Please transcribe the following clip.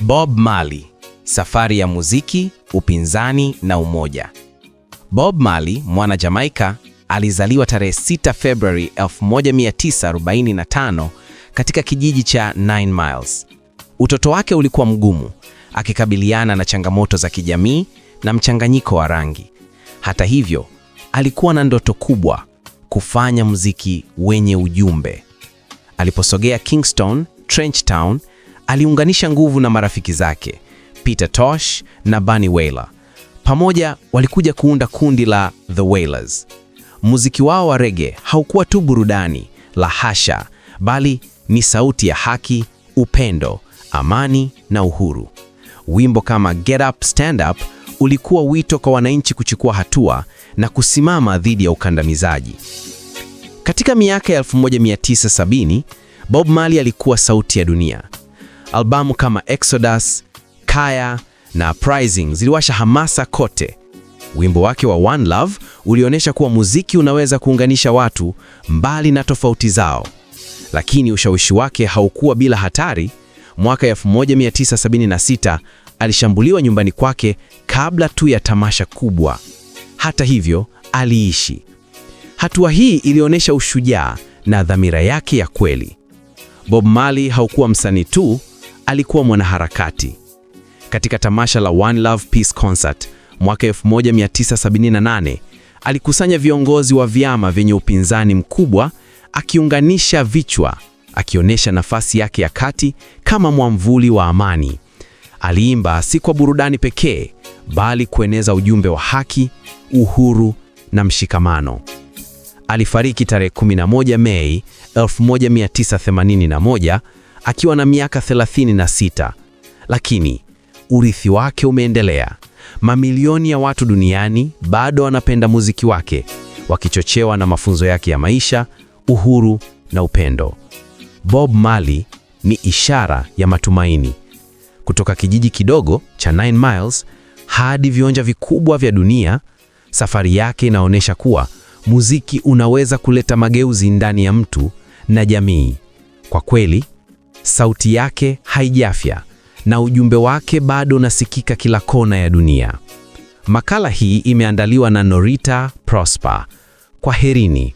Bob Marley, safari ya muziki, upinzani na umoja. Bob Marley, mwana Jamaika, alizaliwa tarehe 6 Februari 1945 katika kijiji cha Nine Miles. Utoto wake ulikuwa mgumu, akikabiliana na changamoto za kijamii na mchanganyiko wa rangi. Hata hivyo, alikuwa na ndoto kubwa, kufanya muziki wenye ujumbe. Aliposogea Kingston, Trench Town aliunganisha nguvu na marafiki zake Peter Tosh na Bunny Wailer. Pamoja walikuja kuunda kundi la The Wailers. Muziki wao wa rege haukuwa tu burudani, la hasha, bali ni sauti ya haki, upendo, amani na uhuru. Wimbo kama Get Up Stand Up ulikuwa wito kwa wananchi kuchukua hatua na kusimama dhidi ya ukandamizaji. Katika miaka ya 1970, Bob Marley alikuwa sauti ya dunia. Albamu kama Exodus, Kaya na Uprising ziliwasha hamasa kote. Wimbo wake wa One Love ulionyesha kuwa muziki unaweza kuunganisha watu mbali na tofauti zao. Lakini ushawishi wake haukuwa bila hatari. Mwaka 1976 alishambuliwa nyumbani kwake kabla tu ya tamasha kubwa. Hata hivyo, aliishi. Hatua hii ilionyesha ushujaa na dhamira yake ya kweli. Bob Marley haukuwa msanii tu, alikuwa mwanaharakati. Katika tamasha la One Love Peace Concert mwaka 1978 alikusanya viongozi wa vyama vyenye upinzani mkubwa, akiunganisha vichwa, akionyesha nafasi yake ya kati kama mwamvuli wa amani. Aliimba si kwa burudani pekee, bali kueneza ujumbe wa haki, uhuru na mshikamano. Alifariki tarehe 11 Mei 1981 akiwa na miaka 36. Lakini urithi wake umeendelea. Mamilioni ya watu duniani bado wanapenda muziki wake, wakichochewa na mafunzo yake ya maisha, uhuru na upendo. Bob Marley ni ishara ya matumaini. Kutoka kijiji kidogo cha Nine Miles hadi viwanja vikubwa vya dunia, safari yake inaonyesha kuwa muziki unaweza kuleta mageuzi ndani ya mtu na jamii. Kwa kweli, sauti yake haijafya na ujumbe wake bado unasikika kila kona ya dunia. Makala hii imeandaliwa na Norita Prosper. Kwaherini.